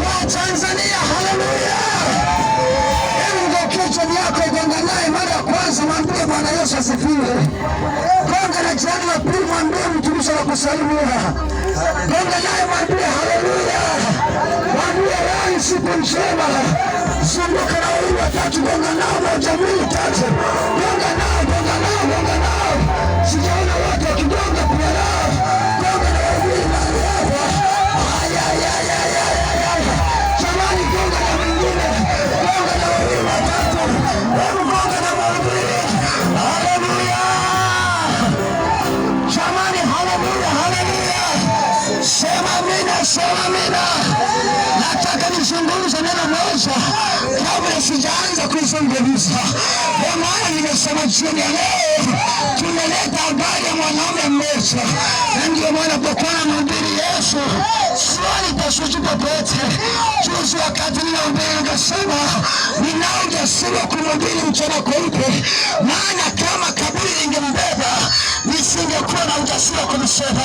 Watanzania, haleluya! Hebu ngokea jirani yako, gonga naye mara ya kwanza, mwambie Bwana Yesu asifiwe. Gonga na jirani ya pili, mwambie mtumishi anakusalimia. Gonga naye mwambie haleluya, mwambie leo siku njema. Zunguka na huyu watatu, gonga nao moja, mbili, tatu, gonga nao Amina. Nataka nizungumze neno moja kabla sijaanza kuzungumza, kwa maana nimesema jioni ya leo tunaleta habari ya mwanaume mmoja, na ndio maana pokuwa namhubiri Yesu swali tasuti popote. Juzi wakati ninahubiri nikasema, ninao ujasiri wa kumhubiri mchana kweupe, maana kama kaburi lingembeba nisingekuwa na ujasiri wa kumsema,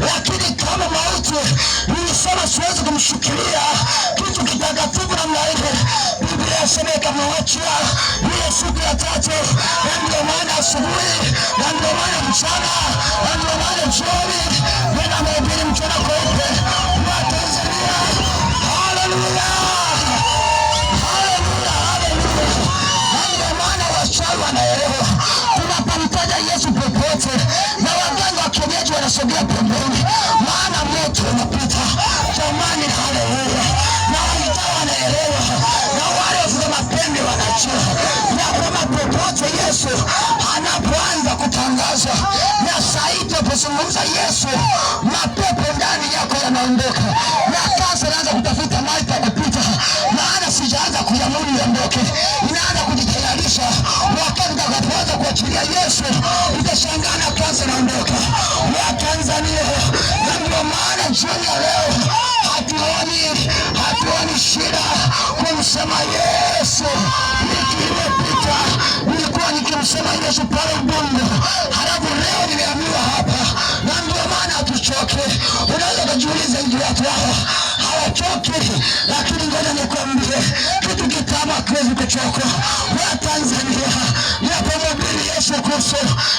lakini kama mauti anasema siwezi kumshukilia kitu kitakatifu namna ile. Biblia inasema ikamwachia hiyo siku ya tatu. Ndio maana asubuhi na ndio maana mchana na ndio maana jioni, ndio maana mchana kwa Yesu anapoanza kutangaza na saiti kuzungumza Yesu, mapepo ndani yako yanaondoka, na sasa naanza kutafuta mali pa kupita, maana sijaanza kuyamuru yaondoke, inaanza kujitayarisha. Wakati utakapoanza kuachilia Yesu, utashangaa na kwanza naondoka wa Tanzania. Na ndio maana jioni ya leo hatuoni hatuoni shida kumsema Yesu. Anasema Yesu pale Ubungo. Halafu leo nimeambiwa hapa, na ndio maana hatuchoke. Unaweza kujiuliza ndio watu hawa hawachoki, lakini ngoja nikwambie kitu kitamu hakiwezi kuchoka. Wa Tanzania ninapomhubiri Yesu Kristo,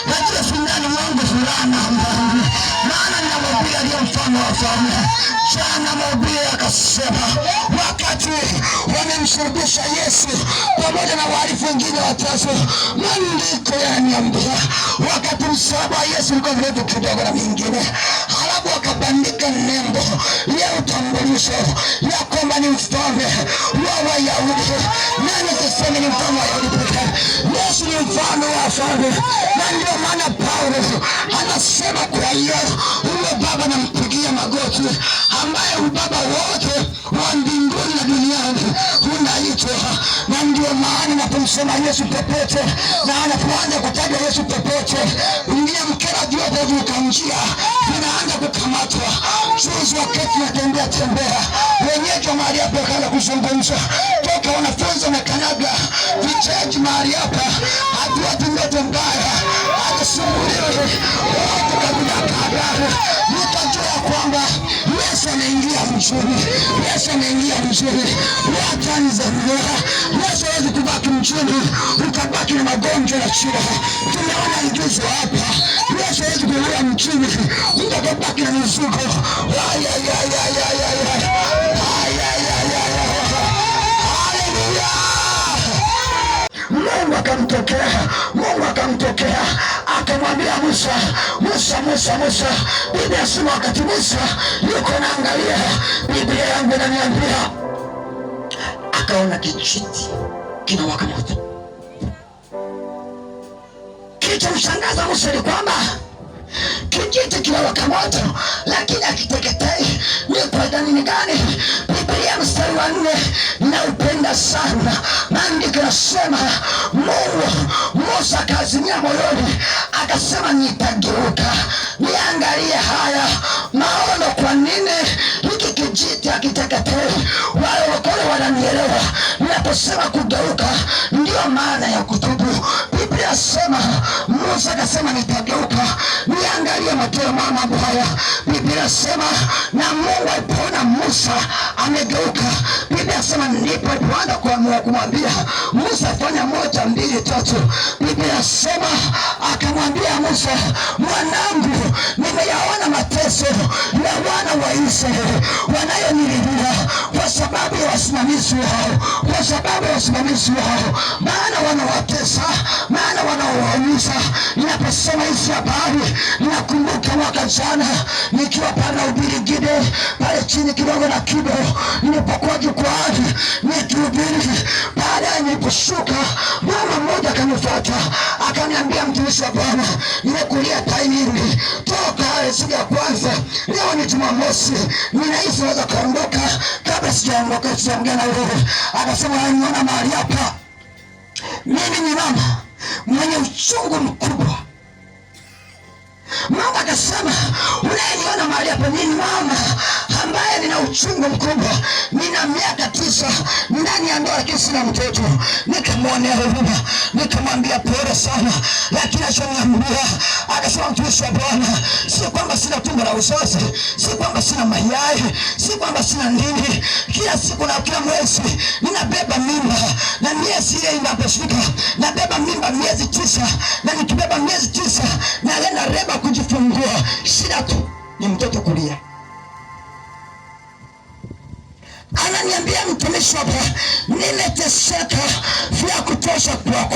najua ndani mwangu furaha mbali, maana ninamhubiri aliye mfano wa falme. Jana mhubiri akasema wakati wamemsulubisha Yesu pamoja na wengine wachache. Maandiko yananiambia wakati msaba Yesu alikuwa kidogo kidogo na mingine, halafu wakabandika nembo ya utambulisho ya kwamba ni mfalme wa Wayahudi. Nani kisemi ni mfalme wa Wayahudi pekee? Yesu ni mfalme wa wafalme, na ndio maana Paulo anasema kwa hiyo huyo baba nampigia magoti ambaye ubaba wote wa mbinguni na duniani una kumsema Yesu popote, na anapoanza kutaja Yesu popote, ingia mkera vyote vikanjia vinaanza kukamatwa. Juzi wakati natembea tembea wenyeji mahali hapa akaanza kuzungumza toka wanafunzi wamekanaga vichaji mahali hapa, hatuwatu ndoto mbaya akasumbuliwe vizuri, Yesu anaingia vizuri. Yesu wasiwezi kubaki mchungu ukabaki na magonjwa ya shida. Tunaona ijuzo hapa, Yesu hawezi kuingia mchungu ukabaki na mizuko. Mungu akamtokea, Mungu akamtokea akamwambia Musa, Musa, Musa, Musa. Biblia asema wakati Musa yuko naangalia, Biblia yangu inaniambia akaona kijiti kinawaka moto. Kilichomshangaza Musa ni kwamba kijiti kinawaka moto, lakini akiteketei. Ni kwa nini gani? sana. Maandiko yasema Mungu Musa akazimia moyoni, akasema nitageuka niangalie haya maono, kwa nini hiki kijiti hakiteketei? Wale wakole wananielewa ninaposema kugeuka, ndiyo maana ya kutubu. Biblia asema Musa akasema nitageuka niangalie matendo mama haya inasema na Mungu alipoona Musa amegeuka, Biblia inasema ndipo alipoanza kumwambia Musa, fanya moja mbili tatu. Biblia inasema akamwambia Musa, mwanangu mateso na wana wa Israeli wanayolilia kwa sababu ya wasimamizi wao, kwa sababu ya wasimamizi wao, maana wanawatesa, maana wanaowauza. Ninaposema hizi habari ninakumbuka mwaka jana nikiwa pana ubiri gide pale chini kidogo na kibo, nilipokuwa jukwaani nikihubiri, ya niliposhuka, mama mmoja akanifuata akaniambia, mtumishi wa Bwana, nimekulia tairi ni siku ya kwanza, leo ni Jumamosi, ninahisi naweza kuondoka. Kabla sijaondoka, sijaongea na wewe, akasema aniona mahali hapa, mimi ni mama mwenye uchungu mkubwa. Mama akasema unayeniona mahali hapa, mimi mama uchungu mkubwa. Nina miaka tisa ndani ya ndoa, lakini sina mtoto. Nikamwonea huruma, nikamwambia pole sana, lakini achoniambia akasema, mtumishi wa Bwana, si kwamba sina tumbo la uzazi, si kwamba sina mayai, si kwamba sina ndini. Kila siku na kila mwezi ninabeba mimba, na miezi ile inaposhika nabeba mimba miezi tisa, na nikibeba miezi tisa nalenda reba kujifungua, shida tu ni mtoto kulia ananiambia mtumishi wa Bwana, nimeteseka vya kutosha kwako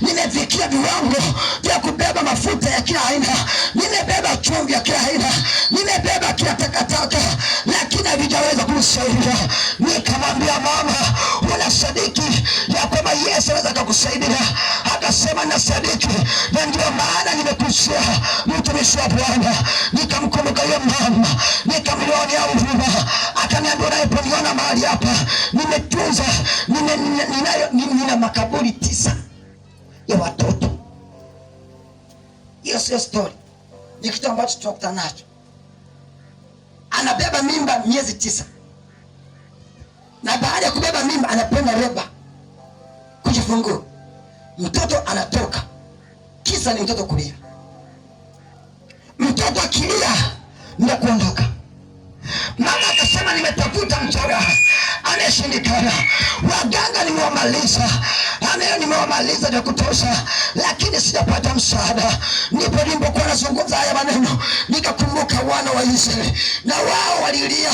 nimefikia viwango vya kubeba mafuta ya kila aina, nimebeba chumvi ya kila aina, nimebeba kila takataka, lakini havijaweza kunisaidia. Nikamwambia mama, una sadiki ya kwamba Yesu anaweza akakusaidia? Akasema na sadiki, na ndio maana nimekusia mtumishi wa Bwana. Nikamkumbuka hiyo mama, nikamlionea huruma, akaniambia Bwana, mahali hapa nimetunza, nina, nina, nina, nina makaburi tisa ya watoto. Hiyo sio stori, ni kitu ambacho tunakuta nacho. Anabeba mimba miezi tisa, na baada ya kubeba mimba anapenda reba kujifungua mtoto, anatoka kisa ni mtoto kulia. Mtoto akilia ndio kuondoka hawataki tena. Waganga nimewamaliza, aneo yaani nimewamaliza vya kutosha, lakini sijapata msaada. nipo nilipokuwa nazungumza haya maneno, nikakumbuka wana wa Israeli, na wao walilia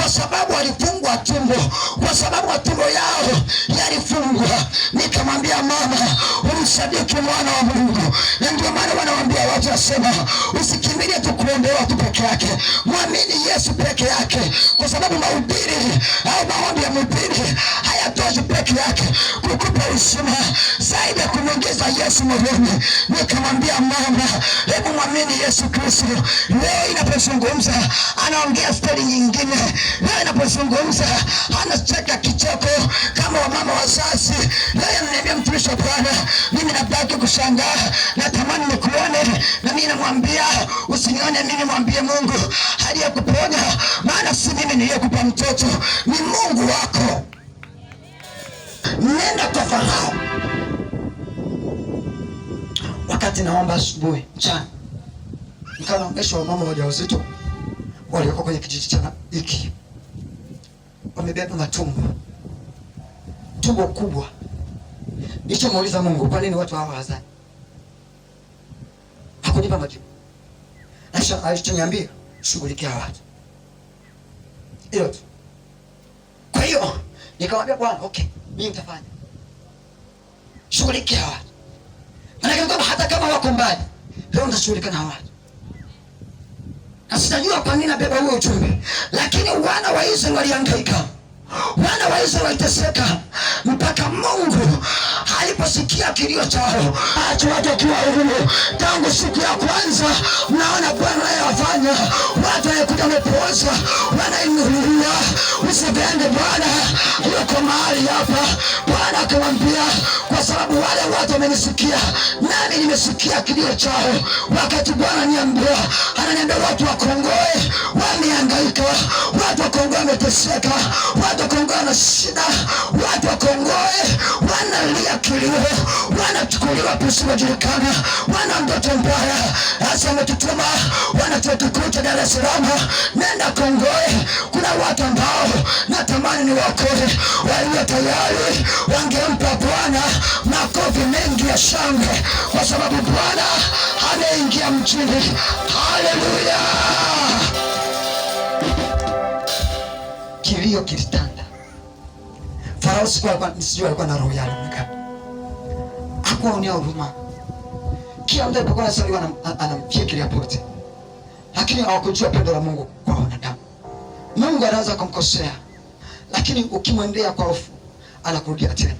kwa sababu walifungwa tumbo, kwa sababu matumbo yao yalifungwa. Nikamwambia mama msadiki mwana wa Mungu, na ndio maana wanawaambia watu wasema, usikimbilie tu kuombewa tu peke yake, mwamini Yesu peke yake, kwa sababu mahubiri au maombi ya mhubiri hayatoshi peke yake kukupa uzima zaidi ya kumwongeza Yesu moyoni. Nikamwambia mama, hebu mwamini Yesu Kristo. Leo inapozungumza anaongea stori nyingine, leo inapozungumza anacheka kicheko kama wamama wazazi. Leo ananiambia mtumishi wa Bwana mimi nabaki kushangaa, natamani nikuone. Na mimi namwambia usinione mimi, mwambie Mungu aliyekuponya, maana si mimi niliyekupa mtoto, ni Mungu wako. Nenda kwa Farao. Wakati naomba asubuhi, mchana, nikawaongesha wamama wajawazito walioko kwenye kijiji cha hiki, wamebeba matumbo, tumbo kubwa Nilichomuuliza Mungu, kwa nini watu hawa hazani? Hakunipa majibu. Acha alichoniambia, shughulikia watu. Hilo tu. Kwa hiyo nikamwambia Bwana, okay, mimi nitafanya. Shughulikia watu. Maana kama hata kama wako mbali, leo ndashughulika na watu. Na sitajua kwa nini nabeba huo ujumbe, lakini wana wa Israeli walihangaika. Wana wa Israeli waliteseka mpaka Mungu aliposikia kilio chao, watu wake wakiwa huru. Tangu siku ya kwanza, naona Bwana anayofanya. Watu wanakuja wamepooza, wanainulia. Usipende Bwana yuko mahali hapa. Bwana akamwambia, kwa sababu wale watu wamenisikia, nami nimesikia kilio chao. Wakati Bwana niambia, ananiambia watu wakongoe wameangaika watu wa Kongoe wameteseka, watu wa Kongoe wana shida, watu wa Kongoe wanalia kilio, wanachukuliwa pasipojulikana, wana ndoto mbaya. Sasa ametutuma chuo kikuu cha Dar es Salaam, nenda Kongoe. Kuna watu ambao natamani ni wakoe walio tayari wangempa Bwana makofi mengi ya shangwe, kwa sababu Bwana ameingia mjini. Haleluya! Kilio kilitanda. Farao sijui alikuwa na roho ya alimweka, hakuwaonea huruma, kila mtu alipokuwa anasaliwa anampikia kile apote lakini hawakujua pendo la Mungu kwa wanadamu. Mungu anaweza kumkosea, lakini ukimwendea kwa hofu anakurudia tena,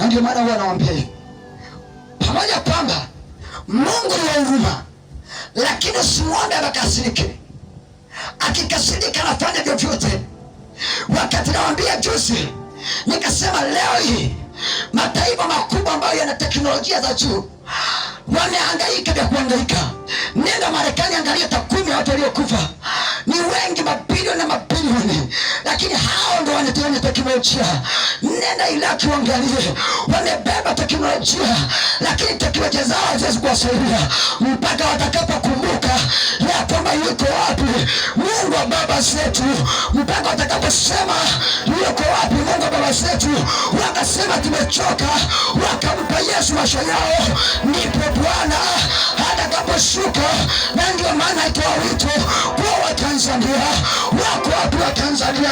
na ndio maana huwa anawaambia hivi, pamoja kwamba Mungu ni huruma, lakini usimwombe akakasirike. Akikasirika anafanya vyovyote. Wakati nawambia juzi, nikasema leo hii mataifa makubwa ambayo yana teknolojia za juu wamehangaika vya kuhangaika Nenda Marekani, angalia takwimu ya watu waliokufa, ni wengi, mabilioni na mabilioni, lakini ni teknolojia. Nenda Iraki uangalie, wamebeba teknolojia, lakini teknolojia zao haziwezi kuwasaidia mpaka watakapokumbuka ya kwamba yuko wapi Mungu wa baba zetu, mpaka watakaposema yuko wapi Mungu wa baba zetu, wakasema tumechoka, wakampa Yesu maisha yao, ndipo Bwana atakaposhuka. Na ndio maana itoa wito kwa Watanzania, wako wapi Watanzania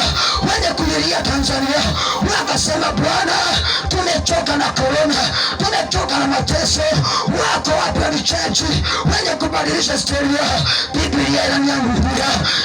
wenye kulilia ya Tanzania wakasema, Bwana, tumechoka na korona, tumechoka na mateso. Wako watu walichache wenye kubadilisha historia. Biblia inaniangukia.